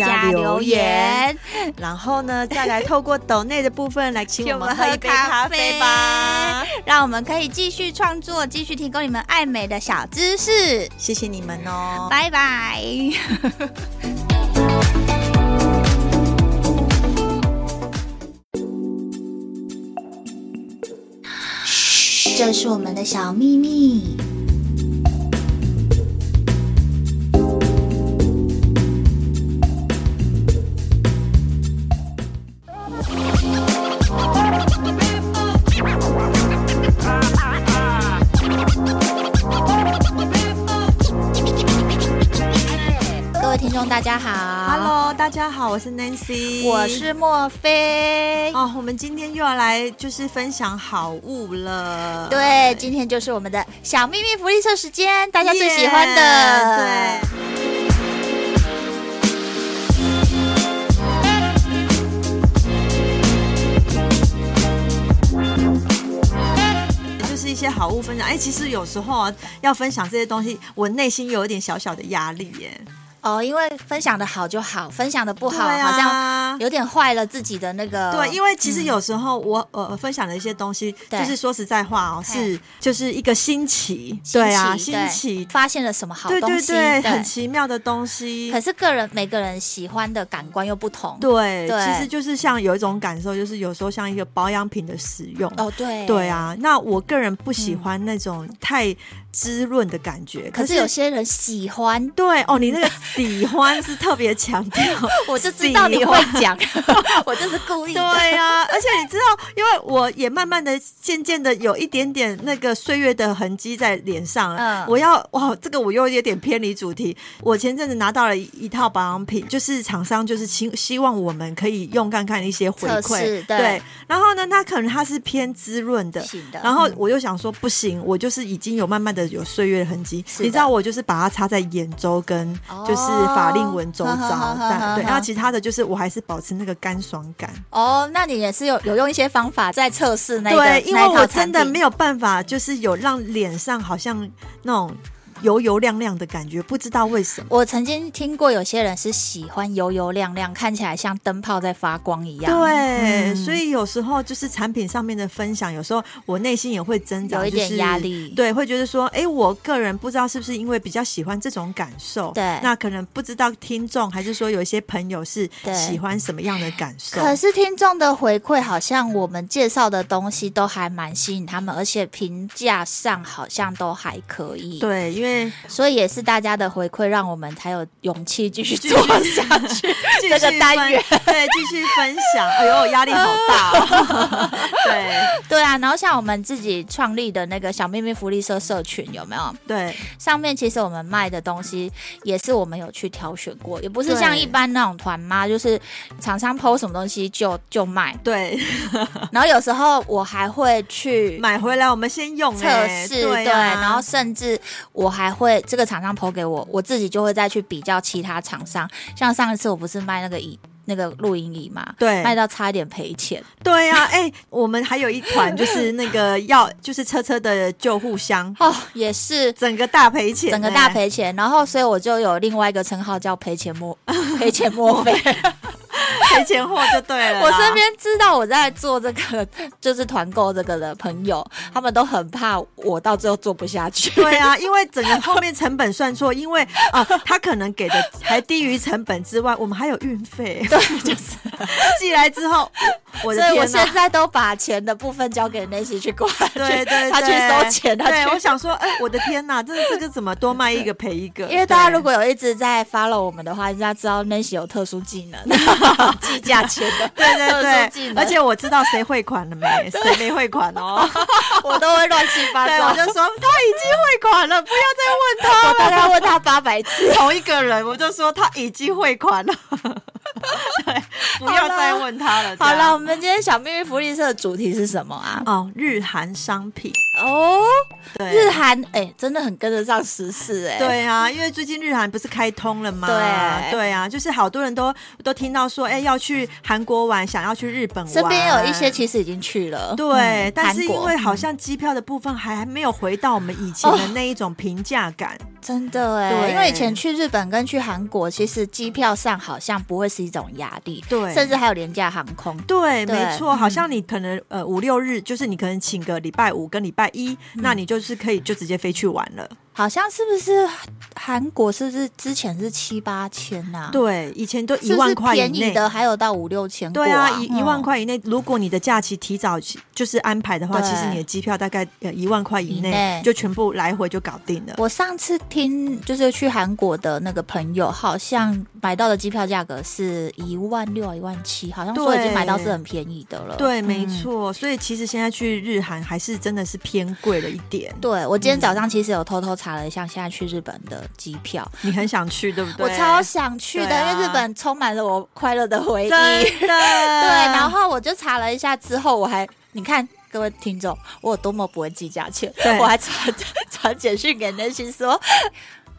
加留，加留言，然後呢，再來透過鬥內的部分來請我們喝一杯咖啡吧， 讓我們可以繼續創作，繼續提供你們愛美的小知識。謝謝你們哦，拜拜。 這是我們的小秘密。大家好，Hello，大家好，我是 Nancy，我是莫菲。哦，我們今天又要來就是分享好物了。對，今天就是我們的小秘密福利社時間，大家最喜歡的。Yeah, 對。就是一些好物分享。哎，其實有時候啊，要分享這些東西，我內心有一點小小的壓力耶。哦，因為分享的好就好，分享的不好、啊、好像有點壞了自己的那個。對，因為其實有時候我、嗯、呃我分享的一些東西，就是說實在話哦，okay. 是就是一個新奇，新奇，對啊，新奇，發現了什麼好東西，對對對，對很奇妙的東西。可是個人每個人喜歡的感官又不同對。對，其實就是像有一種感受，就是有時候像一個保養品的使用哦，對，對啊。那我個人不喜歡那種太滋潤的感覺，可是有些人喜歡。嗯、對，哦，你那個。 喜 歡是特別強調，我就知道你會講， 我就是故意的。對啊，而且你知道，因為我也慢慢的、漸漸的有一點點那個歲月的痕跡在臉上、嗯。我要哇，這個我又有點偏離主題。我前陣子拿到了一套保養品，就是廠商就是希希望我們可以用看看一些回饋，對。然後呢，它可能它是偏滋潤的，的，然後我又想說不行，我就是已經有慢慢的有歲月的痕跡，你知道，我就是把它擦在眼周跟就是、哦。哦、是法令紋周遭呵呵呵，但呵呵對，然、啊、後其他的就是我還是保持那個乾爽感。哦，那你也是有有用一些方法在測試那一個？對，因為我真的沒有辦法，就是有讓臉上好像那種。油油亮亮的感覺，不知道為什麼。我曾經聽過有些人是喜歡油油亮亮，看起來像燈泡在發光一樣。對、嗯，所以有時候就是產品上面的分享，有時候我內心也會增長一點壓力、就是。對，會覺得說，哎、欸，我個人不知道是不是因為比較喜歡這種感受。對，那可能不知道聽眾還是說有一些朋友是喜歡什麼樣的感受。可是聽眾的回饋好像我們介紹的東西都還蠻吸引他們，而且評價上好像都還可以。對，因為。嗯，所以也是大家的回饋，讓我們才有勇氣繼續做下去。這個單元對，繼續分享。哎呦，壓力好大、哦呃。對對啊，然後像我們自己創立的那個小祕密福利社社群，有沒有？對，上面其實我們賣的東西也是我們有去挑選過，也不是像一般那種團嘛，就是廠商 PO 什麼東西就就賣。對，然後有時候我還會去買回來，我們先用測、欸、試、啊。對，然後甚至我還。還會這個廠商 PO 給我，我自己就會再去比較其他廠商。像上一次我不是賣那個椅？那個露營椅嘛，對，賣到差一點賠錢。對呀、啊，哎、欸，我們還有一團就是那個要就是車車的救護箱哦，也是整個大賠錢，整個大賠錢。然後，所以我就有另外一個稱號叫賠錢莫賠錢莫賠 錢貨就對了。我身邊知道我在做這個就是團購這個的朋友，他們都很怕我到最後做不下去。對啊，因為整個後面成本算錯，因為啊，他可能給的還低於成本之外，我們還有運費。對 就是寄來之後， 我所以我現在都把錢的部分交給 Nancy 去管， 對，對，對對，他去收錢，他對我想說、欸，我的天哪， 這個、這個怎麼多賣一個賠一個？因為大家如果有一直在 follow 我們的話，大家知道 Nancy 有特殊技能，計 價對 錢的，對對對，而且我知道誰匯款了沒，誰沒匯款哦， 我都會亂七八糟 對，我就說他已經匯款了，不要再問他了，他 問他八百次， 同一個人，我就說他已經匯款了。 對，不要再問他了。好了，我們今天小秘密福利社的主題是什麼啊？哦，日韓商品。哦，對日韓哎、欸，真的很跟得上時事哎、欸。對啊，因為最近日韓不是開通了嗎？對啊，對啊，就是好多人都都聽到說，哎、欸，要去韓國玩，想要去日本玩。身邊有一些其實已經去了，對，嗯、但是因為好像機票的部分還沒有回到我們以前的那一種平價感、哦。真的哎、欸，因為以前去日本跟去韓國，其實機票上好像不會是一種壓力，對，甚至還有廉價航空。對，對沒錯、嗯，好像你可能呃五六日，就是你可能請個禮拜五跟禮拜。一，那你就是可以就直接飛去玩了。好像是不是韓國？是不是之前是七八千啊？對，以前都一萬塊以內，是不是便宜的還有到五六千塊，啊。對啊，一、嗯、一萬塊以內，如果你的假期提早就是安排的話，其實你的機票大概一、呃、萬塊以內就全部來回就搞定了。我上次聽就是去韓國的那個朋友，好像買到的機票價格是一萬六、一萬七，好像說已經買到是很便宜的了。對，對沒錯，嗯。所以其實現在去日韓還是真的是偏貴了一點。對，我今天早上其實有偷偷。查了一下，現在去日本的機票，你很想去對不對？我超想去的，啊，因為日本充滿了我快樂的回憶。對，對對，然後我就查了一下之後，我還，你看各位聽眾，我有多麼不會計價錢，我還傳傳簡訊給那些說。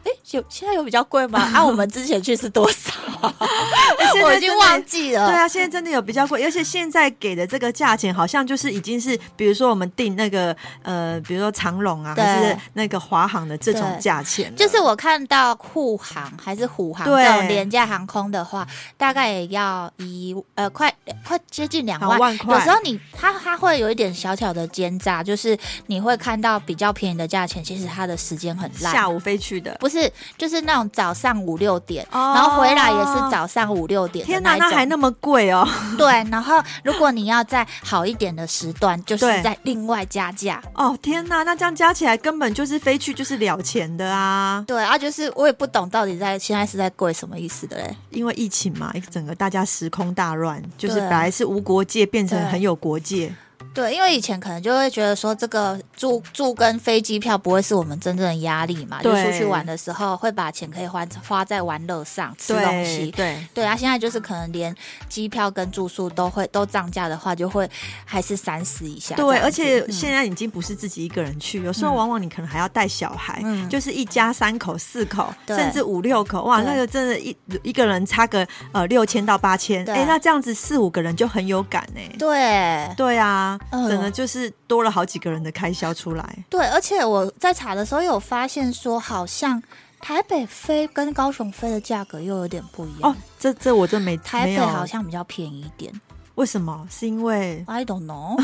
哎、欸，有現在有比較貴嗎？ 啊，我們之前去是多少？我、 欸、現在我已經忘記了。對啊，現在真的有比較貴，而且現在給的這個價錢，好像就是已經是，比如說我們訂那個呃，比如說長榮啊，還是那個華航的這種價錢。就是我看到酷航還是虎航這種廉價航空的話，大概也要一呃，快快接近兩萬。塊。有時候你它它會有一點小小的奸詐，就是你會看到比較便宜的價錢，其實它的時間很爛。下午飛去的就是，就是那種早上五六點，哦、然後回來也是早上五六點。天哪，那還那麼貴哦！ 對，然後如果你要在好一點的時段，就是在另外加價。哦天哪，那這樣加起來根本就是飛去就是了錢的啊！對啊，就是我也不懂到底在現在是在貴什麼意思的嘞？因為疫情嘛，一整個大家時空大亂，就是本來是無國界，變成很有國界。對，因為以前可能就會覺得說這個住住跟飛機票不會是我們真正的壓力嘛，對，就出去玩的時候會把錢可以花花在玩樂上、吃東西。對對，對啊，現在就是可能連機票跟住宿都會都漲價的話，就會還是三思一下。對，而且現在已經不是自己一個人去，嗯、有時候往往你可能還要帶小孩，嗯、就是一家三口、四口甚至五六口，哇，那個真的一一個人差個呃六千到八千。哎、欸，那這樣子四五個人就很有感哎、欸。對對啊。可能就是多了好幾個人的開銷出來。呃、對，而且我在查的時候有發現說，好像台北飛跟高雄飛的價格又有點不一樣。哦，這這我就沒。台北好像比較便宜一點。為什麼？是因為 I don't know。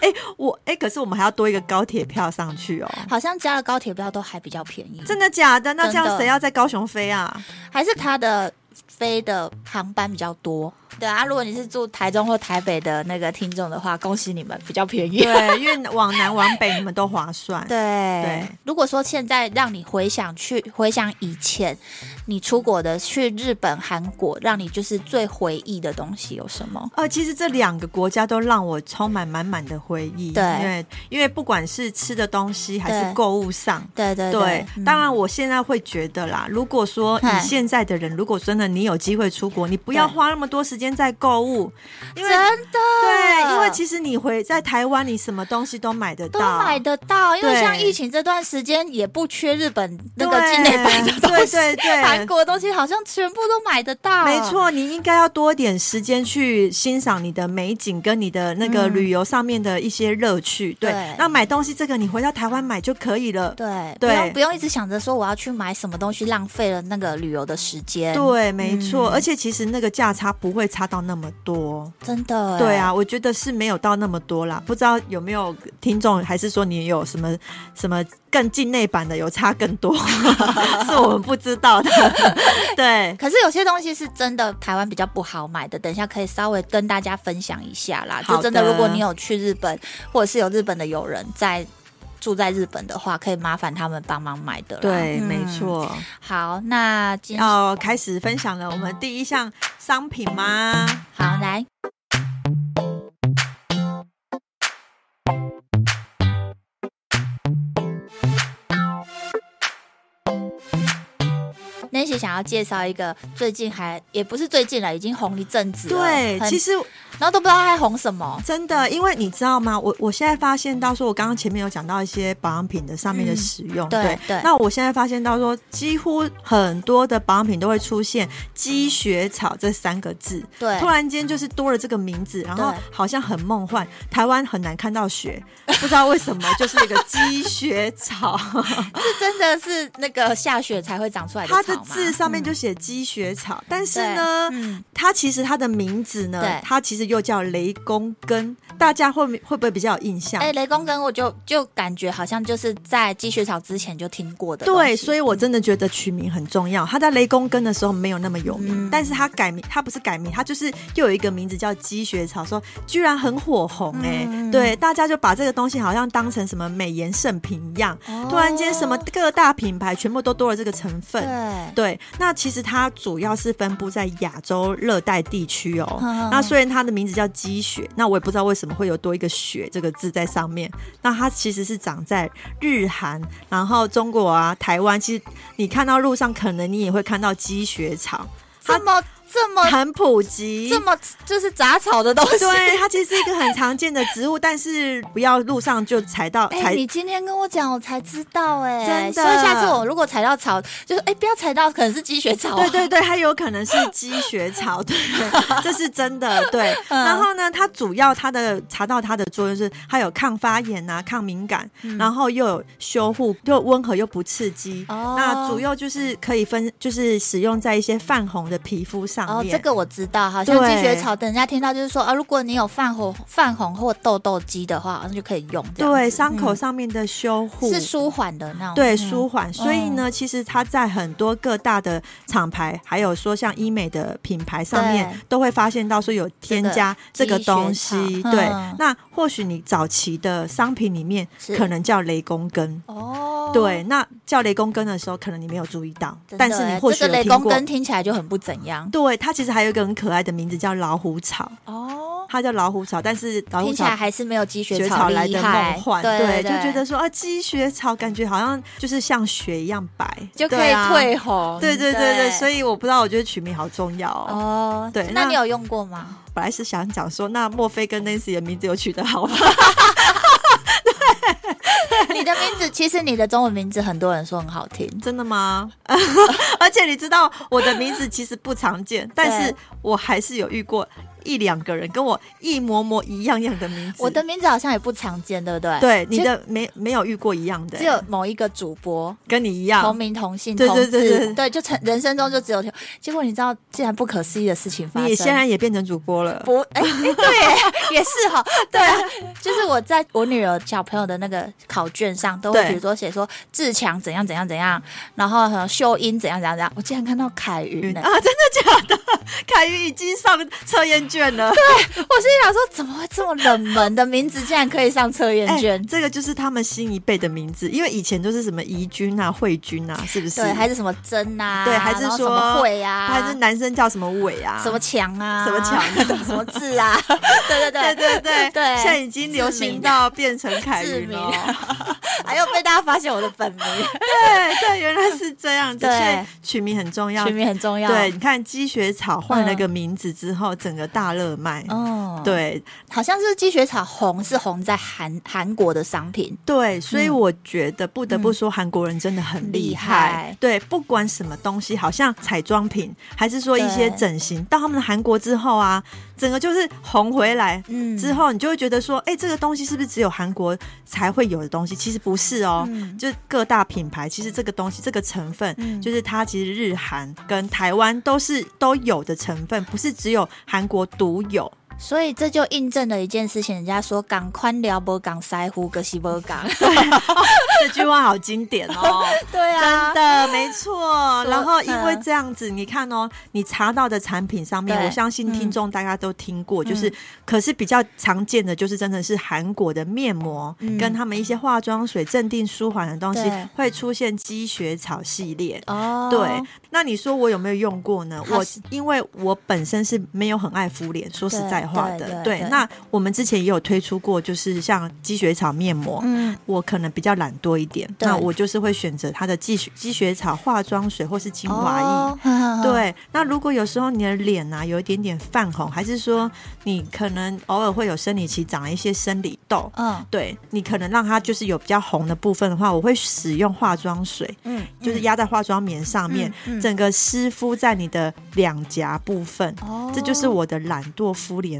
哎，我哎、欸，可是我們還要多一個高鐵票上去哦。好像加了高鐵票都還比較便宜。真的假的？那這樣誰要在高雄飛啊？還是他的？飛的航班比較多，對啊。如果你是住台中或台北的那個聽眾的話，恭喜你們，比較便宜。對，因為往南往北你們都划算。 對對。如果說現在讓你回想去回想以前，你出國的去日本、韓國，讓你就是最回憶的東西有什麼？呃，其實這兩個國家都讓我充滿滿滿的回憶。對因，因為不管是吃的東西還是購物上。對，對對對。對。當然，我現在會覺得啦，如果說你現在的人，如果真的你。你有機會出國，你不要花那麼多時間在購物，因為真的對，因為其實你回在台灣，你什麼東西都買得到，都買得到。因為像疫情這段時間，也不缺日本那個境內版的東西，對對對,對對，韓國的東西好像全部都買得到，沒錯。你應該要多一點時間去欣賞你的美景跟你的那個旅遊上面的一些樂趣，嗯對，對。那買東西這個，你回到台灣買就可以了，對，對不用不用一直想着說我要去買什麼東西，浪費了那個旅遊的時間，對，沒。沒錯，而且其實那個價差不會差到那麼多，真的。對啊，我覺得是沒有到那麼多啦。不知道有沒有聽眾，還是說你有什麼什麼更境內版的有差更多， 是我們不知道的。 對，可是有些東西是真的台灣比較不好買的，等一下可以稍微跟大家分享一下啦。就真的，如果你有去日本，或者是有日本的友人在。住在日本的話，可以麻煩他們幫忙買的。對，嗯、沒錯。好，那要開始分享了，我們第一項商品嗎、嗯？好，來。想要介紹一個最近還也不是最近了，已經紅一陣子了。對，其實然後都不知道還紅什麼，真的。因為你知道嗎？我我現在發現到說，我剛剛前面有講到一些保養品的上面的使用，嗯、對對，對，對。那我現在發現到說，幾乎很多的保養品都會出現“積雪草”這三個字，對，突然間就是多了這個名字，然後好像很夢幻。台灣很難看到雪，不知道為什麼 就是那個積雪草， 是真的是那個下雪才會長出來的草嗎？上面就寫積雪草，嗯，但是呢，嗯，它其實它的名字呢，它其實又叫雷公根。大家會會不會比較有印象？哎、欸，雷公根我就就感覺好像就是在積雪草之前就聽過的。對，所以我真的覺得取名很重要。他在雷公根的時候沒有那麼有名，嗯、但是他改名，他不是改名，他就是又有一個名字叫積雪草，說居然很火紅哎、欸嗯。對，大家就把這個東西好像當成什麼美顏聖品一樣，哦、突然間什麼各大品牌全部都多了這個成分。對，對那其實它主要是分布在亞洲熱帶地區哦、嗯。那雖然它的名字叫積雪，那我也不知道為什麼。會有多一個“雪”這個字在上面，那它其實是長在日韓，然後中國啊、台灣，其實你看到路上，可能你也會看到積雪草。這麼很普及，這麼就是雜草的東西。對，它其實是一個很常見的植物， 但是不要路上就踩到。哎、欸，你今天跟我講，我才知道哎、欸，真的。所以下次我如果踩到草，就是哎、欸、不要踩到，可能是積雪草、啊。對對對，它有可能是積雪草，對， 對。這是真的對、嗯。然後呢，它主要它的查到它的作用是，它有抗發炎啊、抗敏感，嗯、然後又有修護，又溫和又不刺激。哦。那主要就是可以分，就是使用在一些泛紅的皮膚上。哦，這個我知道，哈，像積雪草，等人家聽到就是說啊，如果你有泛紅、泛紅或痘痘肌的話，那就可以用。對，傷口上面的修護、嗯、是舒緩的那種。對，舒緩、嗯。所以呢，其實它在很多各大的廠牌，還有說像醫美的品牌上面，都會發現到說有添加這個東西。這個嗯、對，那或許你早期的商品裡面可能叫雷公根。哦，對，那叫雷公根的時候，可能你沒有注意到，但是你或許聽過。這個、雷公根聽起來就很不怎樣。對。對，它其實還有一個很可愛的名字叫老虎草哦，它、oh. 叫老虎草，但是聽起來還是沒有積雪，雪草來的夢幻。對，對，就覺得說，啊積雪草感覺好像就是像雪一樣白，就可以褪紅對、啊。對對對對，對，所以我不知道，我覺得取名好重要哦。Oh. 對那，那你有用過嗎？本來是想講說，那莫菲跟 Nancy 的名字有取得好嗎？ 你的名字，其實你的中文名字，很多人說很好聽， 真的嗎？ 而且你知道，我的名字其實不常見，但是我還是有遇過。一兩個人跟我一模模一樣樣的名字。我的名字好像也不常見，對不對？對，你的沒沒有遇過一樣的，只有某一個主播跟你一樣同名同姓同，對，對對對對，對，就成人生中就只有結果你知道，竟然不可思議的事情發生，你現在也變成主播了？不，哎，哎對、啊， 也是哈。哦，對、啊， 就是我在我女兒小朋友的那個考卷上，都比如說寫說志強怎樣怎樣怎樣，然後秀英怎樣怎樣怎樣，我竟然看到凱雲呢、嗯？啊，真的假的？ 凱雲已經上測驗卷呢？對，我心裡想說，怎麼會這麼冷門的名字竟然可以上測驗卷？這個就是他們新一輩的名字，因為以前都是什麼怡君啊、慧君啊，是不是？對，還是什麼真啊？對，還是說什麼慧啊？還是男生叫什麼偉啊？什麼強啊？什麼強？什麼字啊？對對對對對對！現在已經流行到變成凱明了哎呦， 啊、又被大家發現我的本名。對對,對,對，原來是這樣，對，取名很重要，取名很重要。對，你看積雪草換了個名字之後，嗯、整個大。大熱賣，哦，對，好像是積雪草紅是紅在韓韓國的商品，對，所以我覺得不得不說，嗯、韓國人真的很厲害，嗯、厲害，對，不管什麼東西，好像彩妝品還是說一些整形，到他們的韓國之後啊。整個就是紅回來之後，你就會覺得說，哎，嗯，欸，這個東西是不是只有韓國才會有的東西？其實不是哦，喔，嗯，就各大品牌，其實這個東西這個成分，嗯，就是它其實日韓跟台灣都是都有的成分，不是只有韓國獨有。所以這就印證了一件事情，人家說“港寬遼波港塞乎格西波港”， 這句話好經典哦。 對啊，真的 沒錯。然後因為這樣子，嗯，你看哦，你查到的產品上面，我相信聽眾，嗯，大家都聽過，就是，嗯，可是比較常見的，就是真的是韓國的面膜，嗯，跟他們一些化妝水、鎮定舒緩的東西會出現積雪草系列。哦，對。那你說我有沒有用過呢？我因為我本身是沒有很愛敷臉，說實在話。化的對，對，對，對，那我們之前也有推出過，就是像積雪草面膜。嗯，我可能比較懶惰一點，那我就是會選擇它的積雪積雪草化妝水或是精華液。哦、對呵呵呵，那如果有時候你的臉吶、啊、有一點點泛紅，還是說你可能偶爾會有生理期長了一些生理痘，嗯，對，你可能讓它就是有比較紅的部分的話，我會使用化妝水，嗯，就是壓在化妝棉上面，嗯嗯、整個濕敷在你的兩頰部分。哦，這就是我的懶惰敷臉。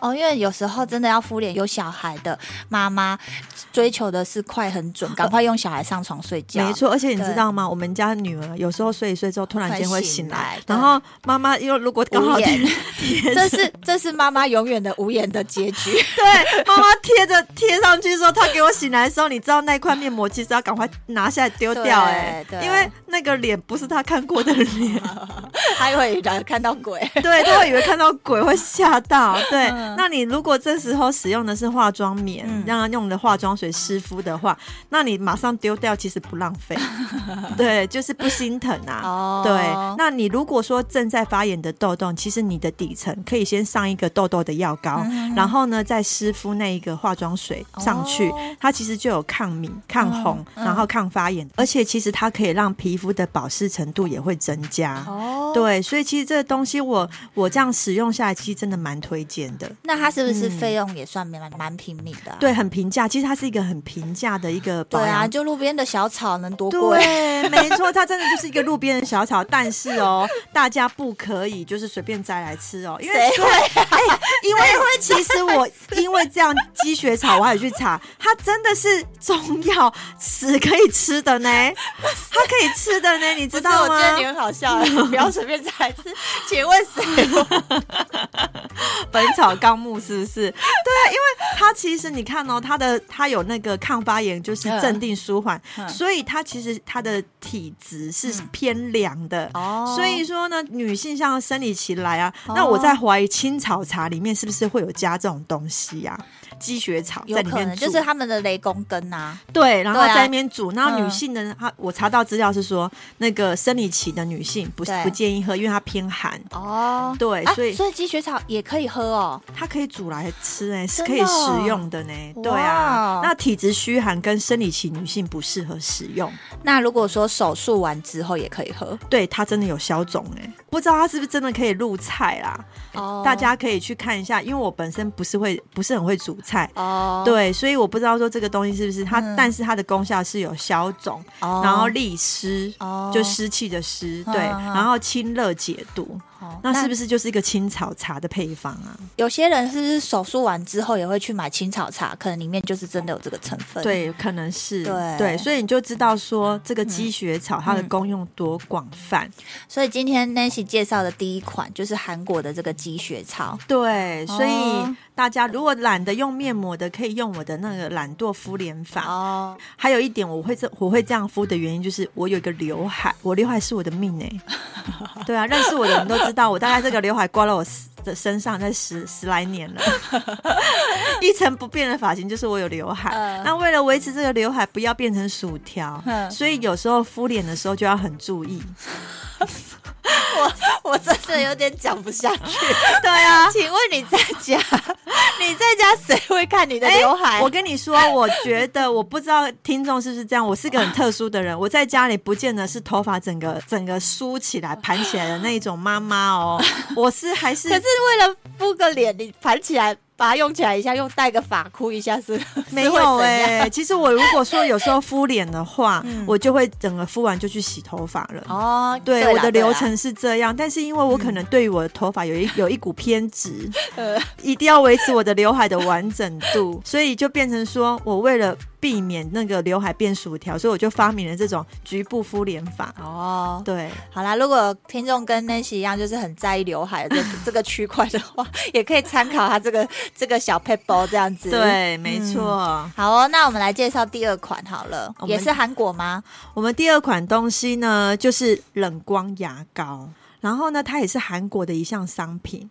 哦，因為有時候真的要敷臉，有小孩的媽媽追求的是快、很準，哦、趕快用小孩上床睡覺。沒錯，而且你知道嗎？我們家女兒有時候睡一睡之後，突然間會醒來，然後媽媽因為如果剛好貼，這是這是媽媽永遠的無言的結局。 對，媽媽貼着貼上去之後，她給我醒來的時候，你知道那塊面膜其實要趕快拿下來丟掉、欸，哎，因為那個臉不是她看過的臉，他會以為看到鬼，對，他會以為看到鬼會嚇到，對。嗯那你如果這時候使用的是化妝棉，嗯、讓它用的化妝水濕敷的話、嗯，那你馬上丟掉，其實不浪費， 對，就是不心疼啊、哦。對，那你如果說正在發炎的痘痘，其實你的底層可以先上一個痘痘的藥膏、嗯，然後呢再濕敷那一個化妝水上去、哦，它其實就有抗敏、抗紅、嗯，然後抗發炎、嗯，而且其實它可以讓皮膚的保濕程度也會增加。哦，對，所以其實這個東西我我這樣使用下來，其實真的蠻推薦的。那它是不是費用也算蠻蠻、嗯、平民的、啊？對，很平價。其實它是一個很平價的一個。對啊，就路邊的小草能多貴？對，沒錯，它真的就是一個路邊的小草。 但是哦，大家不可以就是隨便摘來吃哦，因為、啊欸、因為因為其實我因為這樣積雪草我還要去查，它真的是中藥是可以吃的呢，它可以吃的呢，你知道嗎？我覺得你很好笑，你 不要隨便摘來吃。請問誰？ 本草綱。目是不是？ 對啊，因為他其實你看哦，他的他有那個抗發炎，就是鎮定舒緩，呵呵呵所以他其實他的體質是偏涼的、嗯。哦，所以說呢，女性像生理期來啊，那我在懷疑青草茶裡面是不是會有加這種東西呀、啊？積雪草在裡面煮，就是他們的雷公根吶、啊。對，然後在那邊煮。然後女性呢，嗯、我查到資料是說，那個生理期的女性不是不建議喝，因為它偏寒。哦，對，所以、啊、所以積雪草也可以喝哦。它可以煮來吃誒、欸，是可以食用的呢、欸哦。對啊，那體質虛寒跟生理期女性不適合食用。那如果說手術完之後也可以喝，對它真的有消腫誒。不知道它是不是真的可以入菜啦？哦，大家可以去看一下，因為我本身不是會不是很會煮菜。菜哦，對，所以我不知道說這個東西是不是它，嗯，但是它的功效是有消腫，Oh. 然後利濕，Oh. 就濕氣的濕，對，Oh. 然後清熱解毒。Oh. 那是不是就是一個青草茶的配方啊？有些人是不是手術完之後也會去買青草茶，可能裡面就是真的有這個成分。對，可能是。對對，所以你就知道說，這個積雪草它的功用多廣泛。嗯嗯。所以今天 Nancy 介紹的第一款就是韓國的這個積雪草。對，所以大家如果懶得用面膜的，可以用我的那個懶惰敷臉法。哦。還有一點，我會這，我會這樣敷的原因，就是我有一個劉海，我劉海是我的命哎、欸。 對啊，認識我的人都知。知道我大概這個劉海刮了我的身上，那十十來年了，一成不變的髮型就是我有劉海。那為了維持這個劉海不要變成薯條，所以有時候敷臉的時候就要很注意我。我我真的有點講不下去。對啊，請問你在家？你在家誰？會看你的劉海、欸。我跟你說，我覺得，我不知道聽眾是不是這樣。我是個很特殊的人，我在家裡不見得是頭髮整個整個梳起來盤起來的那一種媽媽哦。我是還是可是為了敷個臉，你盤起來。把它用起來一下，用帶個髮箍一下是,是沒有哎、欸。其實我如果說有時候敷臉的話、 嗯，我就會整個敷完就去洗頭髮了。哦，對,對，我的流程是這樣。但是因為我可能對於我的頭髮有一 有一股偏執、嗯，一定要維持我的劉海的完整度， 所以就變成說我為了。避免那個劉海變薯條，所以我就發明了這種局部敷臉法。哦，哦，對，好啦。如果聽眾跟 Nancy 一樣，就是很在意劉海的這， 這個區塊的話，也可以參考他這個 這個小 paper 這樣子。對，沒錯，嗯。好哦，那我們來介紹第二款好了，也是韓國嗎？我們第二款東西呢，就是冷光牙膏，然後呢，它也是韓國的一項商品。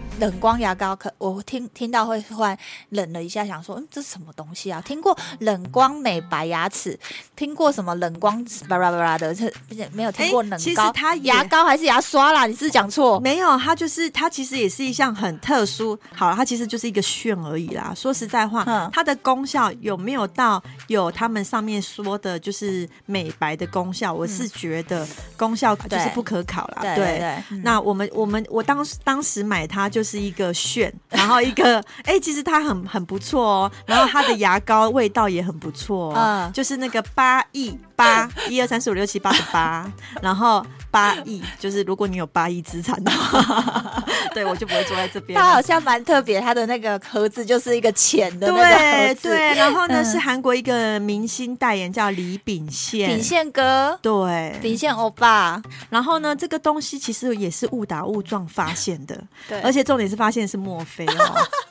冷光牙膏，可我聽聽到會突然冷了一下，想說，嗯，這是什麼東西啊？聽過冷光美白牙齒，聽過什麼冷光巴拉巴拉的，沒有聽過冷膏、欸。其實它牙膏還是牙刷啦，你是不是講錯、呃。沒有，它就是它，其實也是一項很特殊。好了，它其實就是一個炫而已啦。說實在話、嗯，它的功效有沒有到有他們上面說的，就是美白的功效？我是覺得功效就是不可考啦。嗯、對、對，對，對，、嗯、對，那我們我們我當時當時買它就是。是一個炫，然後一個哎、 欸，其實它很很不錯哦、喔，然後它的牙膏味道也很不錯哦、喔嗯，就是那個八億。八一二三四五六七八十八，然後八億，就是如果你有八億資產的話， 對，我就不會坐在這邊。它好像蠻特別，它的那個盒子就是一個淺的個，對對。然後呢、嗯，是韓國一個明星代言，叫李秉憲，秉、嗯、憲哥，對，秉憲歐巴。然後呢，這個東西其實也是誤打誤撞發現的， 對，而且重點是發現是墨菲、哦。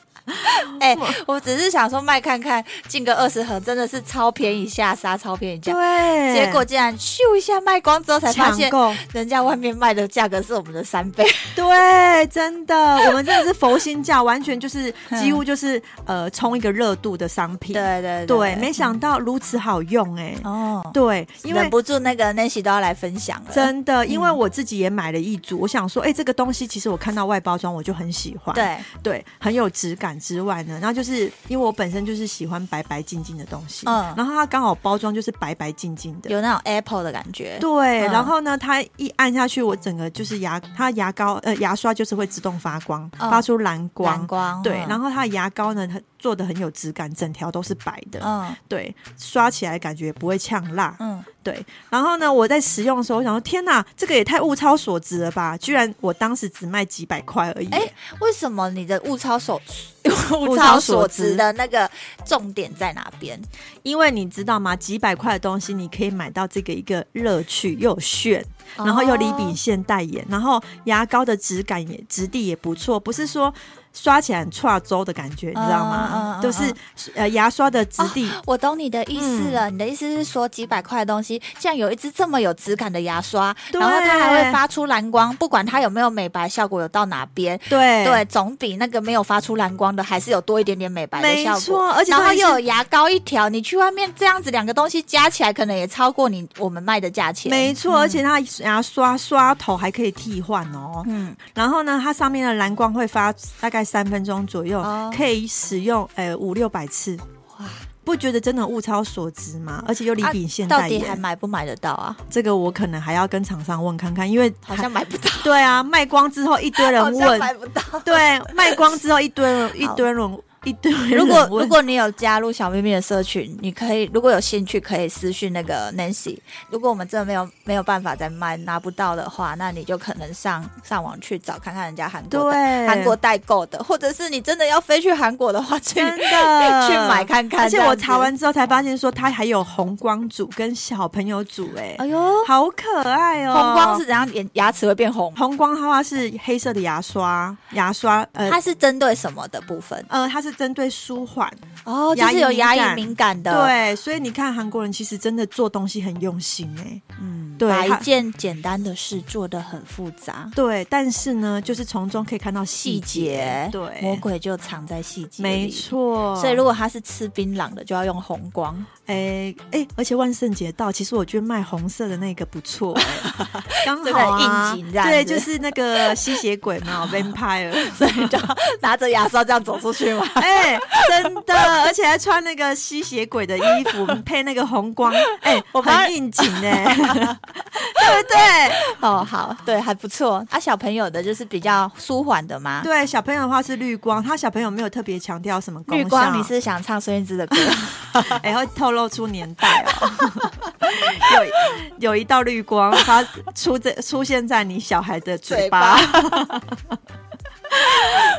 哎、 欸，我只是想說賣看看，進個二十盒真的是超便宜，一下殺超便宜價，對，結果竟然咻一下賣光之後才發現，人家外面賣的價格是我們的三倍，對，真的，我們真的是佛心價， 完全就是 幾乎就是呃衝一個熱度的商品，對對對,對,對,對，沒想到如此好用、欸，哎，哦，對，因為，忍不住那個 Nancy 都要來分享了，真的，因為我自己也買了一組，嗯、我想說，哎、欸，這個東西其實我看到外包裝我就很喜歡，對對，很有質感。之外呢，然後就是因為我本身就是喜歡白白淨淨的東西，嗯，然後它剛好包裝就是白白淨淨的，有那種 Apple 的感覺，對、嗯。然後呢，它一按下去，我整個就是牙，它牙膏呃牙刷就是會自動發光、哦，發出藍光，藍光，對。嗯、然後它的牙膏呢，它。做的很有質感，整條都是白的、嗯，對，刷起來感覺不會嗆辣，嗯，對。然後呢，我在使用的時候，我想說，天哪、啊，這個也太物超所值了吧！居然我當時只賣幾百塊而已、欸。為什麼你的物超所物超所值物超所值的那個重點在哪邊？因為你知道嗎？幾百塊的東西，你可以買到這個一個樂趣又炫，然後又離比現代言，然後牙膏的質感也質地也不錯，不是說。刷起來很搓粥的感覺，你知道嗎？嗯嗯嗯、就是呃牙刷的質地、哦。我懂你的意思了，嗯、你的意思是說幾百塊的東西，像有一支這麼有質感的牙刷，然後它還會發出藍光，不管它有沒有美白效果，有到哪邊，對對，總比那個沒有發出藍光的還是有多一點點美白的效果。沒錯，而且它又有牙膏一條，你去外面這樣子兩個東西加起來，可能也超過你我們賣的價錢。沒錯、嗯，而且它牙刷刷頭還可以替換哦。嗯，然後呢，它上面的藍光會發大概。三分鐘左右、oh. 可以使用，呃，五六百次，哇、wow.，不覺得真的物超所值嗎？而且又離頂現、啊、到底還買不買得到啊？這個我可能還要跟廠商問看看，因為好像買不到。對啊，賣光之後一堆人問，買不到。對，賣光之後一堆 一堆人問。一對如果如果你有加入小祕密的社群，你可以如果有興趣可以私訊那個 Nancy。如果我們真的沒有沒有辦法再賣拿不到的話，那你就可能上上網去找看看人家韓國。對，韓國代購的，或者是你真的要飛去韓國的話去，真的去買看看。而且我查完之後才發現說，它還有紅光組跟小朋友組、欸，哎，哎呦，好可愛哦！紅光是怎樣？牙牙齒會變紅？紅光的話是黑色的牙刷，牙刷呃，它是針對什麼的部分？呃，它是。針對舒緩哦，就是有牙齦敏，敏感的，對，所以你看韓國人其實真的做東西很用心哎、欸，嗯，對，把一件簡單的事做得很複雜，對，但是呢，就是從中可以看到細節，對，魔鬼就藏在細節，沒錯，所以如果他是吃檳榔的，就要用紅光，哎、欸、哎、欸，而且萬聖節到，其實我覺得賣紅色的那個不錯、欸，剛 好啊應景這樣，對，就是那個吸血鬼嘛 ，vampire， 所以就拿着牙刷這樣走出去嘛。哎、欸，真的，而且還穿那個吸血鬼的衣服， 配那個紅光，哎、欸，很應景哎， 對不對？哦好，對，還不錯。他、啊、小朋友的就是比較舒緩的嘛，對，小朋友的話是綠光。他小朋友沒有特別強調什麼功能。綠光，你是想唱孫燕姿的歌？哎、欸，會透露出年代哦， 有有一道綠光它出在出現在你小孩的嘴巴。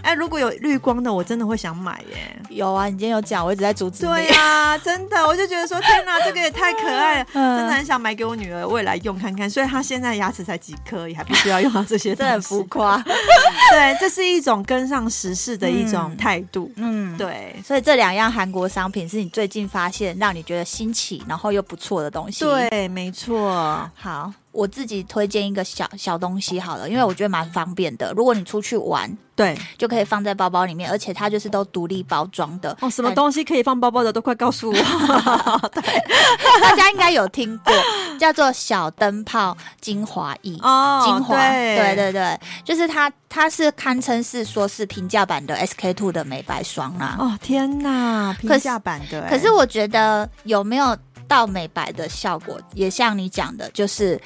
哎、欸，如果有綠光的，我真的會想買耶。有啊，你今天有講，我一直在主持。對呀、啊，真的，我就覺得說，天哪、啊，這個也太可愛了，真的很想買給我女兒未來用看看。所以她現在牙齒才幾顆，也還必須要用到這些東西。真很浮誇， 對，這是一種跟上時事的一種態度。嗯，對。所以這兩樣韓國商品是你最近發現，讓你覺得新奇，然後又不錯的東西。對，沒錯。好。我自己推薦一個小小東西好了，因為我覺得蠻方便的。如果你出去玩，對，就可以放在包包裡面，而且它就是都獨立包裝的。哦，什麼東西可以放包包的，都快告訴我。 對， 大家應該有聽過，叫做小燈泡精華液哦，精華，對對對，就是它，它是堪稱是說是平價版的 SK two 的美白霜啦、啊。哦，天哪，平價版的、欸可，可是我覺得有沒有到美白的效果也像你講的，就是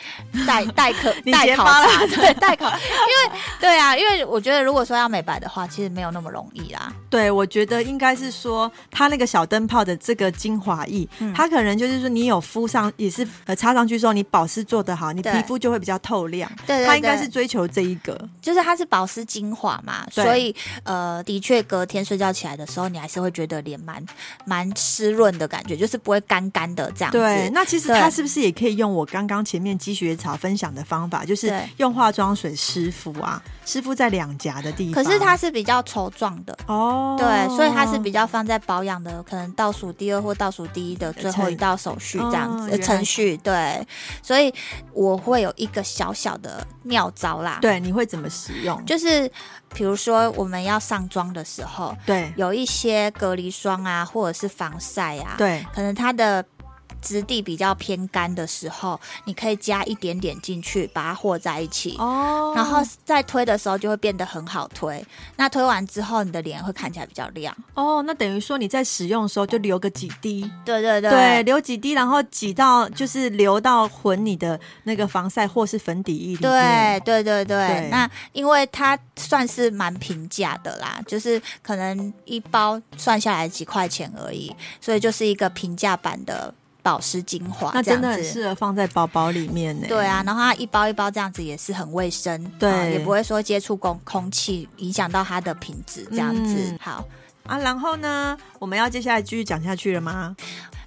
代代課代考吧？戴戴 了對，代考。因為，對啊，因為我覺得如果說要美白的話，其實沒有那麼容易啦。對，我覺得應該是說它、嗯、那個小燈泡的這個精華液，它、嗯、可能就是說你有敷上，也是呃擦上去之後，你保濕做得好，你皮膚就會比較透亮。對對，對，對，對。它應該是追求這一個，就是它是保濕精華嘛，所以呃，的確隔天睡覺起來的時候，你還是會覺得臉蠻蠻濕潤的感覺，就是不會乾乾的。對，那其實它是不是也可以用我剛剛前面積雪草分享的方法，就是用化妝水濕敷啊，濕敷在兩頰的地方。可是它是比較稠狀的哦，對，所以它是比較放在保養的可能倒數第二或倒數第一的最後一道手續這樣子，哦、程序。對，所以我會有一個小小的妙招啦。對，你會怎麼使用？就是譬如說我們要上妝的時候，對，有一些隔離霜啊，或者是防曬啊，對，可能它的。質地比較偏乾的時候，你可以加一點點進去，把它和在一起，哦，然後再推的時候就會變得很好推。那推完之後，你的臉會看起來比較亮。哦，那等於說你在使用的時候就留個幾滴，對對對，對，留幾滴，然後擠到就是留到混你的那個防曬或是粉底液裡面。對對對對，對，那因為它算是蠻平價的啦，就是可能一包算下來幾塊錢而已，所以就是一個平價版的。保濕精華，那真的很適合放在包包裡面呢、欸。對啊，然後它一包一包這樣子也是很衛生，對、呃，也不會說接觸空空氣影響到它的品質這樣子。嗯、好啊，然後呢，我們要接下來繼續講下去了嗎？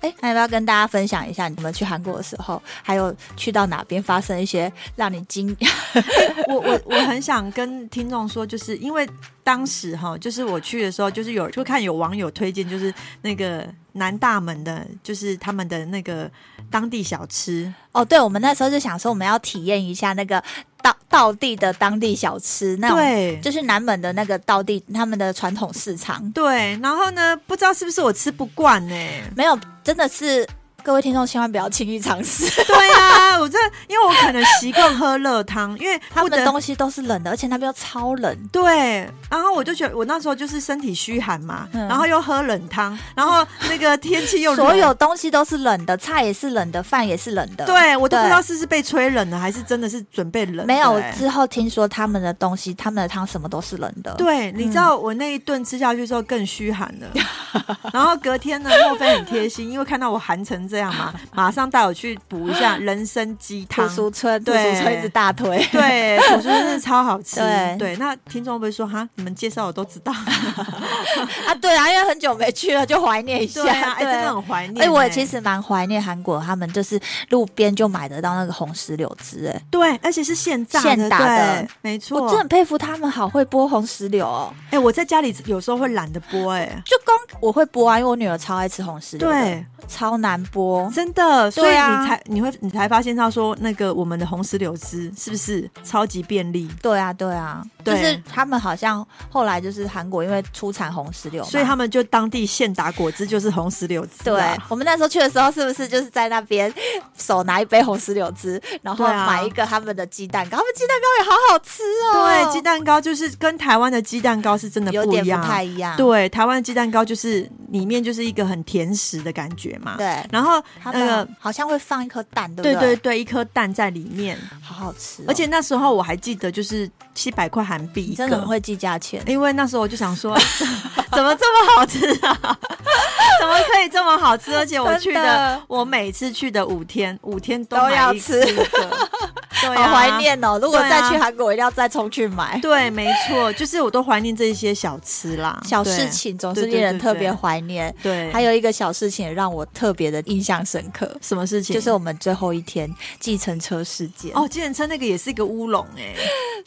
欸、還那要不要跟大家分享一下你們去韓國的時候，還有去到哪邊發生一些讓你驚？ 我我我很想跟聽眾說，就是因為。當時哈，就是我去的時候，就是有就看有網友推薦，就是那個南大門的，就是他們的那個當地小吃。哦，對，我們那時候就想說我們要體驗一下那個道道地的當地小吃，那對就是南門的那個道地他們的傳統市場。對，然後呢，不知道是不是我吃不慣呢、欸？沒有，真的是。各位聽眾千萬不要輕易嘗試。對啊，我這因為我可能習慣喝熱湯，因為他們，他們的東西都是冷的，而且那邊又超冷。對，然後我就覺得我那時候就是身體虛寒嘛、嗯，然後又喝冷湯，然後那個天氣又冷，所有東西都是冷的，菜也是冷的，飯也是冷的。對，我都不知道是是被吹冷了，還是真的是準備冷、欸。沒有，之後聽說他們的東西，他們的湯什麼都是冷的。對，你知道我那一頓吃下去之後更虛寒了、嗯，然後隔天呢，莫非很貼心，因為看到我寒成。這樣嘛，馬上帶我去補一下人參雞湯。土俗村，對，土俗村一直大推，對，土俗村真的超好吃。對，對那聽眾會不會說哈？你們介紹我都知道 啊？對啊，因為很久沒去了，就懷念一下。哎，真的很懷念、欸。哎、欸，我也其實蠻懷念韓國，他們就是路邊就買得到那個紅石榴汁、欸。哎，對，而且是現榨、現打的，沒錯。我真的很佩服他們，好會剝紅石榴、哦。哎、欸，我在家裡有時候會懶得剝，哎，就剛我會剝啊，因為我女兒超愛吃紅石榴。對。超難剝，真的，所以你才、啊、你會你才發現到說那個我們的紅石榴汁是不是超級便利？對啊，對啊，對就是他們好像後來就是韓國，因為出產紅石榴，所以他們就當地現打果汁就是紅石榴汁、啊。 對我們那時候去的時候，是不是就是在那邊手拿一杯紅石榴汁，然後買一個他們的雞蛋糕？他們雞蛋糕也好好吃哦。對，雞蛋糕就是跟台灣的雞蛋糕是真的有點不太一樣。對，台灣的雞蛋糕就是裡面就是一個很甜食的感覺。對，然後那個、呃、好像會放一顆蛋，對不對？對對對，一顆蛋在裡面，好好吃，哦。而且那時候我還記得，就是七百塊韓幣，真的很會記價錢。因為那時候我就想說， 怎麼這麼好吃啊？ 怎麼可以這麼好吃？而且我去的，的我每次去的五天，五天都，都要吃。 對啊、好懷念哦！如果再去韓國，我一定要再衝去買。對啊，對，沒錯，就是我都懷念這些小吃啦， 小事情總是令人特別懷念。對,對,對,對,對,對，還有一個小事情也讓我特別的印象深刻，什麼事情？就是我們最後一天計程車事件。哦，計程車那個也是一個烏龍哎，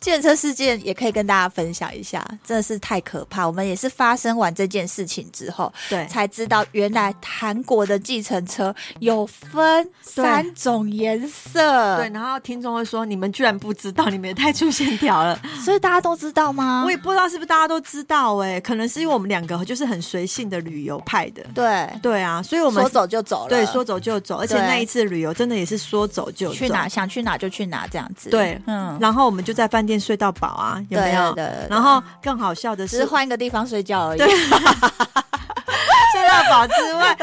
計程車事件也可以跟大家分享一下，真的是太可怕。我們也是發生完這件事情之後，對，才知道原來韓國的計程車有分三種顏色。對，對，然後聽眾。說你們居然不知道，你們也太粗線條了， 所以大家都知道嗎？我也不知道是不是大家都知道哎、欸，可能是因為我們兩個就是很隨性的旅遊派的，對，對啊，所以我們說走就走，了。對，說走就走，而且那一次旅遊真的也是說走就走，去哪想去哪就去哪這樣子，對，嗯，然後我們就在飯店睡到飽啊，有沒有對對對對對？然後更好笑的是，只是換一個地方睡覺而已。對 睡到 之外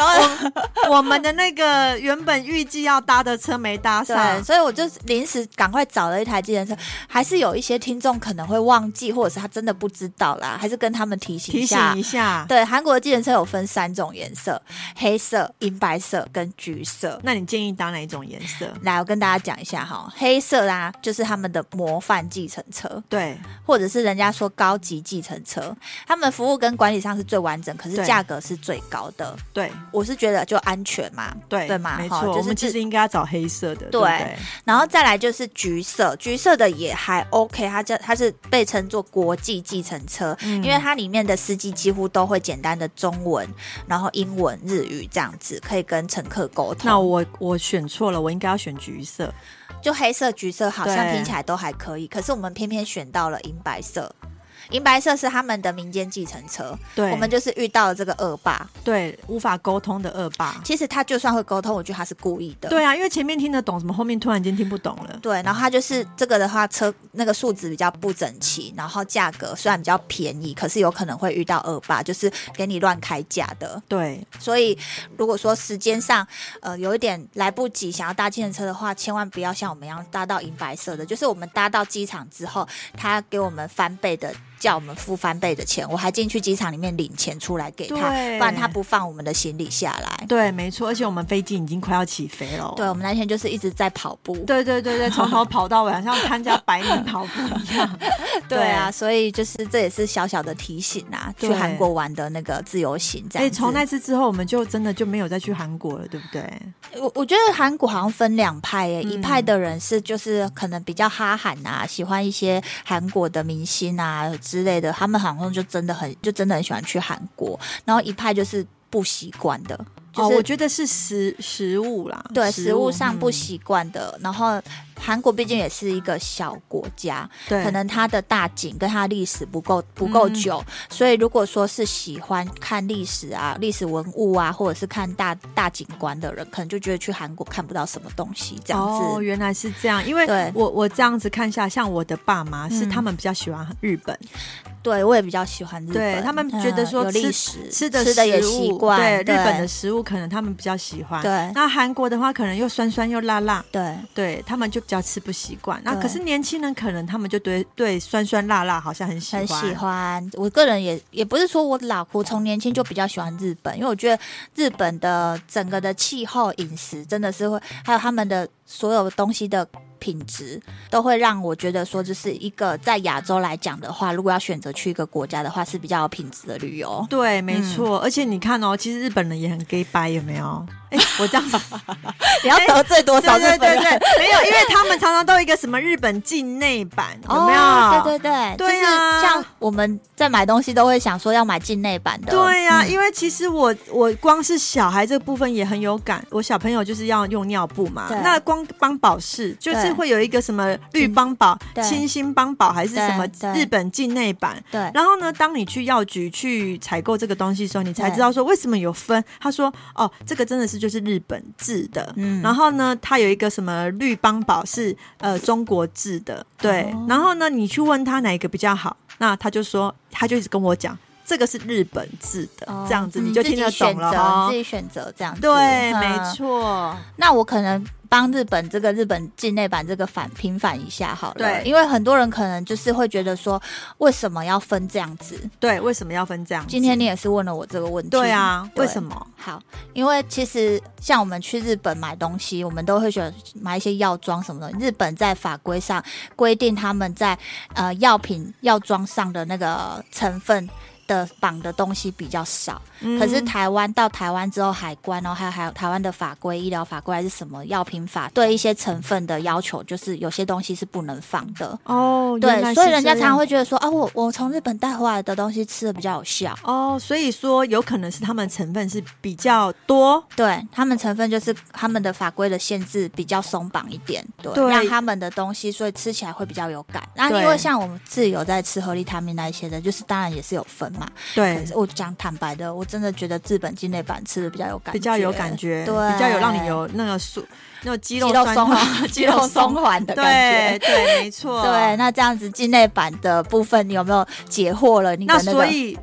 我，我們的那個原本預計要搭的車沒搭上，對，所以我就臨時趕快找了一台計程車。還是有一些聽眾可能會忘記，或者是他真的不知道啦，還是跟他們提醒一下，提醒一下。對，韓國的計程車有分三種顏色：黑色、銀白色跟橘色。那你建議搭哪一種顏色？來，我跟大家講一下哈。黑色啦，就是他們的模範計程車，對，或者是人家說高級計程車，他們服務跟管理上是最完整，可是價格是最高的。的，對我是覺得就安全嘛，對對嘛，沒錯，就是，我們其實應該要找黑色的，對，對，對，然後再來就是橘色，橘色的也還 OK，它叫它是被稱作國際計程車，嗯，因為它裡面的司機幾乎都會簡單的中文，然後英文、日語這樣子可以跟乘客溝通。那我我選錯了，我應該要選橘色，就黑色、橘色好像聽起來都還可以，可是我們偏偏選到了銀白色。銀白色是他們的民間計程車，對，我們就是遇到了這個惡霸，對，無法溝通的惡霸。其實他就算會溝通，我覺得他是故意的。對啊，因為前面聽得懂，什麼後面突然間聽不懂了。對，然後他就是這個的話，車那個數值比較不整齊，然後價格雖然比較便宜，可是有可能會遇到惡霸，就是給你亂開價的。對，所以如果說時間上呃有一點來不及想要搭計程車的話，千萬不要像我們一樣搭到銀白色的，就是我們搭到機場之後，他給我們翻倍的，叫我們付翻倍的錢，我還進去機場裡面領錢出來給他，不然他不放我們的行李下來。對，沒錯，而且我們飛機已經快要起飛了。對，我們那天就是一直在跑步，對對對對，從頭跑到尾 好像參加百米跑步一樣。 對啊對，所以就是這也是小小的提醒啊，對去韓國玩的那個自由行這樣。所以從那次之後，我們就真的就沒有再去韓國了，對不對？我我覺得韓國好像分兩派、欸嗯，一派的人是就是可能比較哈韓啊，喜歡一些韓國的明星啊。之類的，他們好像就真的很，就真的很喜歡去韓國，然後一派就是不習慣的，就是。哦，我覺得是食食物啦，對，食物上不習慣的，嗯，然後。韓國畢竟也是一個小國家，對，可能它的大景跟它歷史不夠不夠久，嗯，所以如果說是喜歡看歷史啊、歷史文物啊，或者是看大大景觀的人，可能就覺得去韓國看不到什麼東西這樣子。哦，原來是這樣，因為我我，我這樣子看一下，像我的爸媽是他們比較喜歡日本，嗯，對我也比較喜歡日本，對，他們覺得說歷，嗯，史吃的吃的食物吃的也習慣，對，對，對日本的食物可能他們比較喜歡，對。那韓國的話，可能又酸酸又辣辣，對，對他們就。比較吃不習慣，那、啊、可是，年輕人可能他們就對對酸酸辣辣好像很喜歡。很喜歡，我個人也也不是說我老婆從年輕就比較喜歡日本，因為我覺得日本的整個的氣候、飲食真的是會，還有他們的所有東西的。品質都會讓我覺得說，這是一個在亞洲來講的話，如果要選擇去一個國家的話，是比較有品質的旅遊。對，沒錯、嗯。而且你看哦，其實日本人也很給掰，有沒有？哎、欸， 我這樣子。 你要得罪多少、欸、對,對,對對對。 沒有，因為他們常常都一個什麼日本境內版， 有沒有、哦？對對對，對啊。就是、像我們在買東西都會想說要買境內版的。對呀、啊嗯，因為其實我我光是小孩這部分也很有感，我小朋友就是要用尿布嘛，對那光幫寶適就是。會有一個什麼綠邦寶、嗯、清新邦寶，還是什麼日本境內版對？對。然後呢，當你去藥局去採購這個東西的時候，你才知道說為什麼有分。他說：“哦，這個真的是就是日本制的。”嗯。然後呢，他有一個什麼綠邦寶是呃中國制的，對、哦。然後呢，你去問他哪一個比較好，那他就說，他就一直跟我講，這個是日本制的、哦，這樣子、嗯、你就聽得懂了。自己選擇、哦、這樣子。對，嗯、沒錯。那我可能。幫日本這個日本境內版這個反平反一下好了，對，因為很多人可能就是會覺得說，為什麼要分這樣子？對，為什麼要分這樣？今天你也是問了我這個問題，對啊，對，為什麼？好，因為其實像我們去日本買東西，我們都會選買一些藥妝什麼的。日本在法規上規定，他們在呃藥品藥妝上的那個成分。的綁的東西比較少，嗯、可是台灣到台灣之後海關哦、喔，還有還有台灣的法規、醫療法規還是什麼藥品法，對一些成分的要求，就是有些東西是不能放的哦。對，所以人家常常會覺得說啊，我我從日本帶回來的東西吃的比較有效哦。所以說有可能是他們成分是比較多，對他們成分就是他們的法規的限制比較鬆綁一點，對，對，讓他們的東西所以吃起來會比較有感。那因為像我們自己有在吃合利他命那一些的，就是當然也是有分。對，我講坦白的，我真的覺得日本境內版吃的比較有感覺，比較有感覺，對，比較有讓你有那個素，那個肌肉酸、肌肉鬆緩的，的感覺，對，對沒錯，對。那這樣子境內版的部分，你有沒有解惑了你、那個？那所以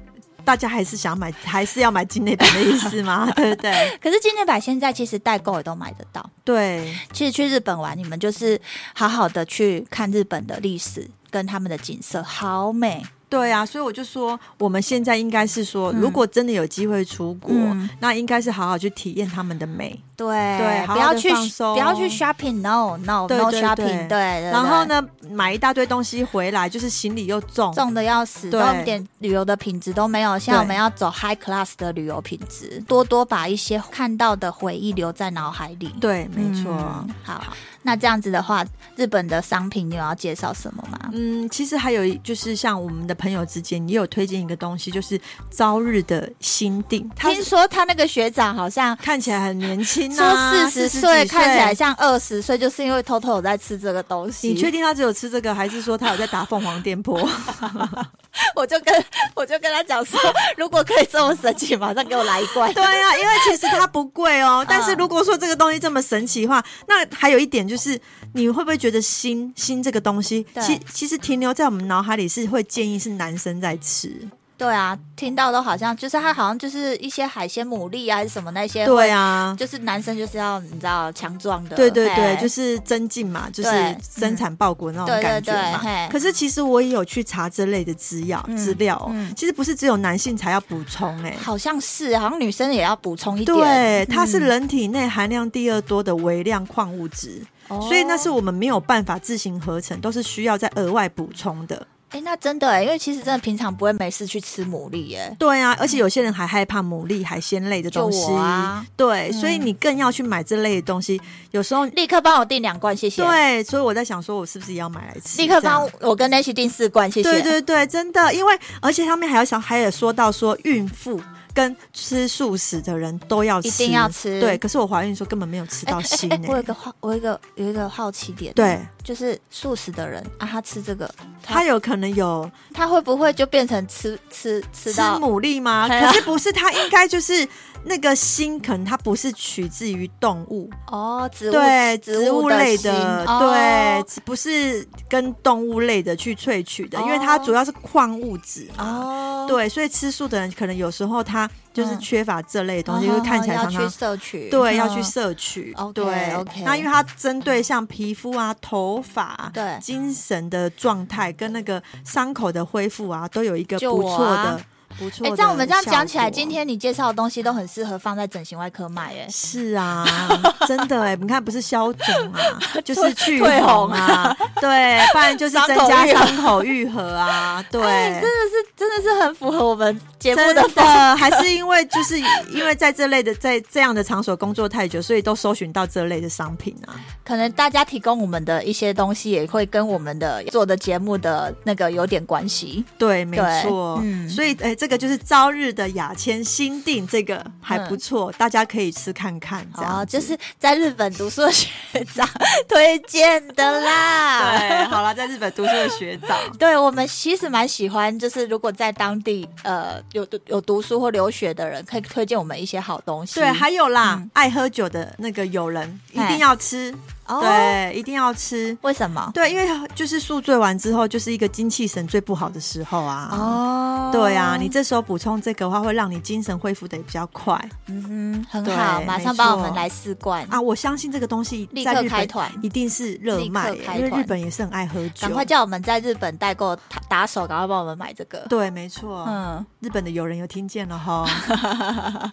大家還是想買，還是要買境內版的意思嗎？ 對不對？可是境內版現在其實代購也都買得到。對，其實去日本玩，你們就是好好的去看日本的歷史跟他們的景色，好美。對啊，所以我就說，我們現在應該是說，嗯、如果真的有機會出國、嗯，那應該是好好去體驗他們的美。對對好好，不要去不要去 shopping，no no no shopping，對，對，對，對，對，對，對，對，對。然後呢，買一大堆東西回來，就是行李又重，重的要死，一點旅遊的品質都沒有。像我們要走 high class 的旅遊品質，多多把一些看到的回憶留在腦海裡。對，沒錯。嗯、好，那這樣子的話，日本的商品你有要介紹什麼嗎？嗯，其實還有就是像我們的。朋友之間，你也有推薦一個東西，就是朝日的鋅錠。他聽說他那個學長好像看起來很年輕、啊，說四十歲看起來像二十歲，就是因為偷偷有在吃這個東西。你確定他只有吃這個，還是說他有在打鳳凰電波？ 我就跟我就跟他講說，如果可以這麼神奇，馬上給我來一罐。 對啊，因為其實它不貴哦。 但是如果說這個東西這麼神奇的話，那還有一點就是，你會不會覺得鋅、鋅這個東西，其其實停留在我們腦海裡是會建議是男生在吃。對啊，聽到都好像就是他，好像就是一些海鮮、牡蠣啊，還是什麼那些。對啊，就是男生就是要你知道強壯的。對對對，就是增進嘛，就是生產報國那種感覺嘛、嗯對對對。可是其實我也有去查這類的資料，嗯、資料、哦嗯、其實不是只有男性才要補充誒、欸。好像是，好像女生也要補充一點。對，它是人體內含量第二多的微量礦物質，嗯、所以那是我們沒有辦法自行合成，都是需要再額外補充的。哎、欸，那真的、欸，因為其實真的平常不會沒事去吃牡蠣耶、欸。對啊，而且有些人還害怕牡蠣、海鮮類的東西。啊、對、嗯，所以你更要去買這類的東西。有時候立刻幫我訂兩罐，謝謝。對，所以我在想，說我是不是也要買來吃？立刻幫我跟 Nash 訂四罐，謝謝。對對對，對，真的，因為而且上面還有想，還有說到說孕婦。跟吃素食的人都要吃，一定要吃，對，可是我懷孕的時候根本沒有吃到鋅、欸欸欸欸。我有一個好，我有一個有一個好奇點，對，就是素食的人啊，他吃這個他，他有可能有，他會不會就變成吃吃吃到吃牡蠣嗎、嗯啊？可是不是，他應該就是。 那個鋅，可能它不是取自於動物哦，植物對植物、的植物類的、哦、對，不是跟動物類的去萃取的，哦、因為它主要是礦物質啊、哦。對，所以吃素的人可能有時候他就是缺乏這類的東西，就、嗯、看起來常去攝取對，要去攝取。嗯、對，要去攝取、嗯、對，OK，, okay 那因為它針對像皮膚啊、頭髮、對精神的狀態跟那個傷口的恢復啊，都有一個不錯的。不錯，哎、欸，這樣我們這樣講起來，今天你介紹的東西都很適合放在整形外科賣、欸，哎，是啊， 真的哎、欸，你看不是消腫啊， 就是去退紅啊， 對，不然就是增加傷口愈合啊，對，哎、真的是真的是很符合我們節目的風格，還是因為就是因為在這類的在這樣的場所工作太久，所以都搜尋到這類的商品啊？可能大家提供我們的一些東西，也會跟我們的做的節目的那個有點關係，對，沒錯，嗯，所以哎這。欸這個就是朝日的亞鉛鋅錠，這個還不錯，嗯、大家可以吃看看。啊、哦，就是在日本讀書的學長推薦的啦。 對，好啦，在日本讀書的學長， 對我們其實蠻喜歡，就是如果在當地呃有讀有讀書或留學的人，可以推薦我們一些好東西。對，還有啦，嗯、愛喝酒的那個友人一定要吃。Oh. 對，一定要吃。為什麼？對，因為就是宿醉完之後，就是一個精氣神最不好的時候啊。哦、oh.，對啊，你這時候補充這個的話，會讓你精神恢復的比較快。嗯、mm、哼 -hmm.，很好，馬上幫我們來四罐啊！我相信這個東西立刻開團，一定是熱賣、欸，因為日本也是很愛喝酒。趕快叫我們在日本代購打，打手，趕快幫我們買這個。對，沒錯。嗯，日本的友人有聽見了哈？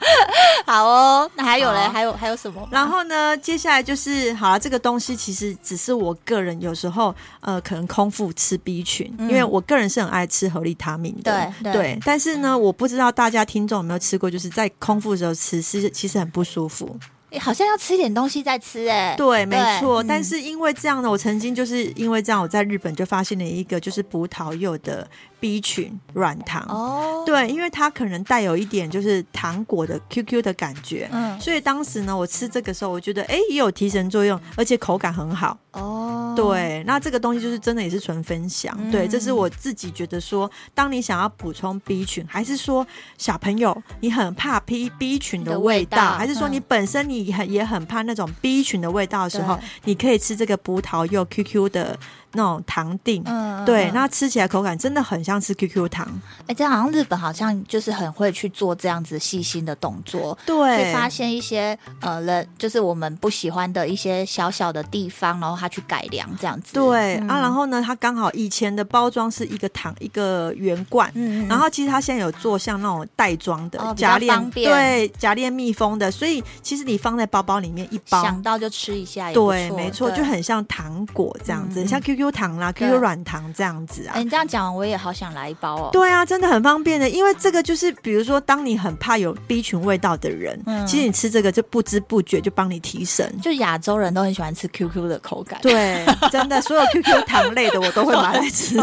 好哦，那還有嘞、哦，還有還有什麼？然後呢，接下來就是好了，這個。東西其實只是我個人有時候呃，可能空腹吃 B 群，嗯、因為我個人是很愛吃合利他命的對對。對，但是呢，我不知道大家聽眾有沒有吃過，就是在空腹的時候吃，其其實很不舒服。欸，好像要吃一點東西再吃誒，欸，對，沒錯，嗯。但是因為這樣呢，我曾經就是因為這樣，我在日本就發現了一個就是葡萄柚的 B 群軟糖哦，對，因為它可能帶有一點就是糖果的 QQ 的感覺，嗯，所以當時呢，我吃這個時候，我覺得哎，欸，也有提神作用，而且口感很好哦。對，那這個東西就是真的也是純分享、嗯。對，這是我自己覺得說，當你想要補充 B 群，還是說小朋友你很怕 P B 群的味，的味道，還是說你本身你也很、嗯、也很怕那種 B 群的味道的時候，你可以吃這個葡萄柚 QQ 的。那種糖錠、嗯，對、嗯，那吃起來口感真的很像吃 QQ 糖。哎、欸，這樣好像日本好像就是很會去做這樣子細心的動作，對，去發現一些呃，人就是我們不喜歡的一些小小的地方，然後他去改良這樣子。對、嗯、啊，然後呢，他剛好以前的包裝是一個糖一個圓罐、嗯，然後其實他現在有做像那種袋裝的、哦、夾鏈、方便，對，夾鏈密封的，所以其實你放在包包裡面一包，想到就吃一下，對，沒錯，就很像糖果這樣子，嗯、像 QQ。Q 糖啦、啊、QQ 軟糖這樣子啊，欸，你這樣講我也好想來一包哦！對啊，真的很方便的，因為這個就是，比如說，當你很怕有 B 群味道的人，嗯，其實你吃這個就不知不覺就幫你提神。就亞洲人都很喜歡吃 QQ 的口感，對，真的，所有 QQ 糖類的我都會拿來吃。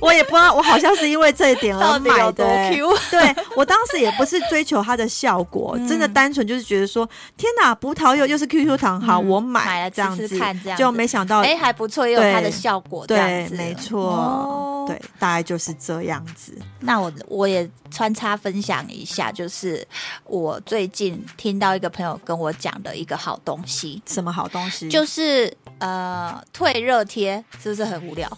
我也不知道，我好像是因為這一點而買的欸。Q? 對，我當時也不是追求它的效果，嗯，真的單純就是覺得說，天哪、啊，葡萄柚又是 QQ 糖，好，嗯，我買這樣子，買來看，這樣子就沒想到，哎、欸，還不錯，因為有它的效。效果這樣子，對，沒錯，哦，對，大概就是這樣子。那我我也穿插分享一下，就是我最近聽到一個朋友跟我講的一個好東西，什麼好東西？就是呃，退熱貼，是不是很無聊？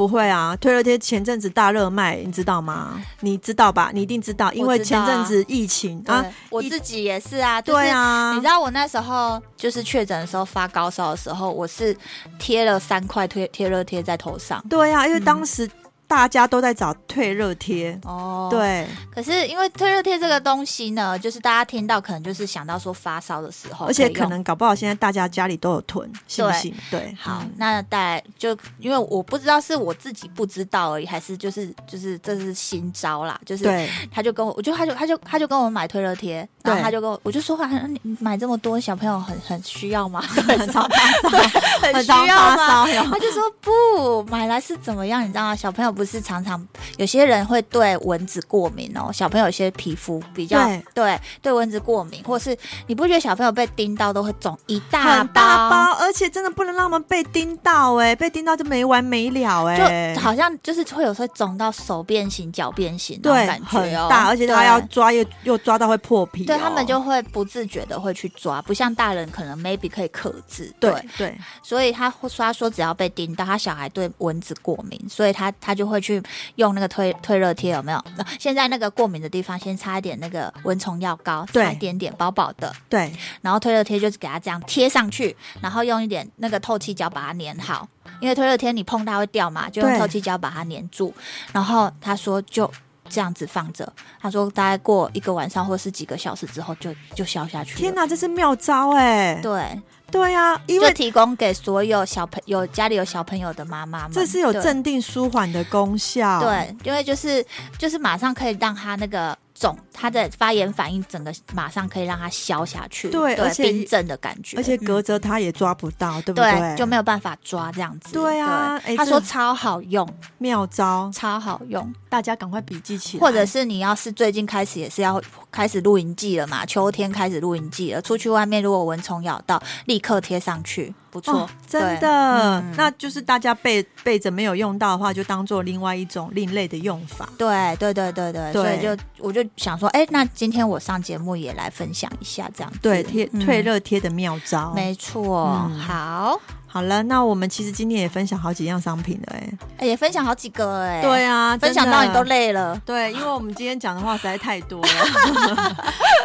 不會啊，退熱貼前陣子大熱賣，你知道嗎？你知道吧？你一定知道，因為前陣子疫情啊，啊，我自己也是啊、就是。對啊，你知道我那時候就是確診的時候發高燒的時候，我是貼了三塊貼貼熱貼在頭上。對啊，因為當時。嗯大家都在找退熱貼哦，對。可是因為退熱貼這個東西呢，就是大家聽到可能就是想到說發燒的時候，而且可能搞不好現在大家家裡都有囤，行不行？對。好、嗯嗯，那大就因為我不知道是我自己不知道而已，還是就是就是這是新招啦，就是他就跟我，我就他就他就他就跟我買退熱貼，然後他就跟我我就說，啊、你買這麼多小朋友很很需要嗎？很， 很需要很發燒嗎？他就說不，買來是怎麼樣？你知道嗎？小朋友。不是常常有些人會對蚊子過敏哦，小朋友有些皮膚比較對對，對蚊子過敏，或是你不覺得小朋友被叮到都會腫一大包大包，而且真的不能讓我們被叮到哎、欸，被叮到就沒完沒了哎、欸，就好像就是會有時候腫到手變形、腳變形的感覺、哦，對，哦。大，而且他要抓又又抓到會破皮、哦，對他們就會不自覺的會去抓，不像大人可能 maybe 可以克制，對對，對，所以他說他說只要被叮到，他小孩對蚊子過敏，所以他他就。會去用那個退退熱貼，有沒有？現在那個過敏的地方，先擦一點那個蚊蟲藥膏，擦一點點，薄薄的。對。然後退熱貼就是給它這樣貼上去，然後用一點那個透氣膠把它粘好，因為退熱貼你碰它會掉嘛，就用透氣膠把它粘住。然後他說就這樣子放着，他說大概過一個晚上或是幾個小時之後就就消下去。天哪，這是妙招哎！對。對啊，因為就提供給所有小朋友，有家裡有小朋友的媽媽嘛，這是有鎮定舒緩的功效。對，對，因為就是就是馬上可以讓他那個。它的發炎反應整個馬上可以讓它消下去，對，冰鎮的感覺，而且隔着它也抓不到，對、嗯、不對？對，就沒有辦法抓這樣子。對啊，對欸、他說超好用，妙招超好用，大家趕快筆記起來。或者是你要是最近開始也是要開始露營季了嘛，秋天開始露營季了，出去外面如果蚊蟲咬到，立刻貼上去。不錯，哦、真的、嗯，那就是大家背背着沒有用到的話，就當做另外一種另類的用法。對，對，對，對，對，對，所以就我就想說，哎，那今天我上節目也來分享一下這樣子，對，貼、嗯、退熱貼的妙招，沒錯，嗯、好。好了，那我們其實今天也分享好幾樣商品了、欸，哎、欸，哎，也分享好幾個、欸，哎，對啊，分享到你都累了，對，因為我們今天講的話實在太多了，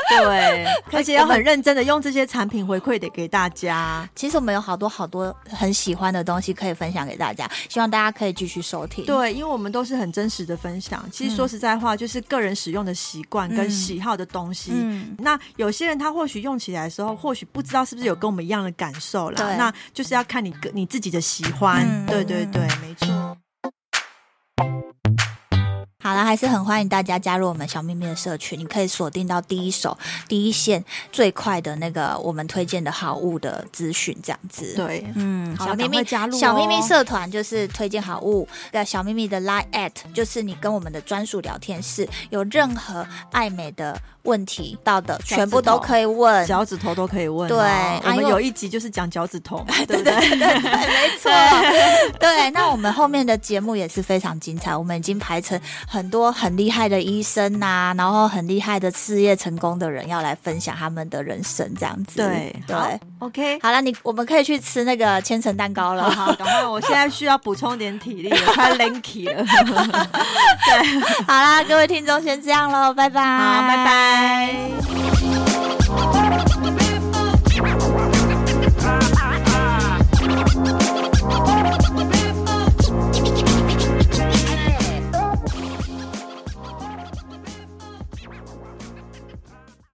對，而且要很認真的用這些產品回饋的給大家。其實我們有好多好多很喜歡的東西可以分享給大家，希望大家可以繼續收聽。對，因為我們都是很真實的分享。其實說實在話，嗯、就是個人使用的習慣跟喜好的東西。嗯、那有些人他或許用起來的時候，或許不知道是不是有跟我們一樣的感受啦，那就是要看你個你自己的喜歡，嗯、對對對，嗯、沒錯。嗯好了，還是很歡迎大家加入我們小祕密的社群，你可以鎖定到第一手、第一線、最快的那個我們推薦的好物的資訊，這樣子。對，嗯，小祕密加入、哦、小祕密社團就是推薦好物的小祕密的 line at，就是你跟我們的專屬聊天室，有任何愛美的問題到的，全部都可以問，腳趾頭都可以問、啊。對、哎，我們有一集就是講腳趾頭，對對對，對，對，對， 沒錯錯。 對，那我們後面的節目也是非常精彩，我們已經排成。很多很厲害的醫生啊，然後很厲害的事業成功的人要來分享他們的人生這樣子。對對好，OK，好了，那你我們可以去吃那個千層蛋糕了。好，好，趕 快，我現在需要補充點體力，我 太 linky 了。 對，好啦，各位聽眾，先這樣嘍，拜拜，好，拜拜。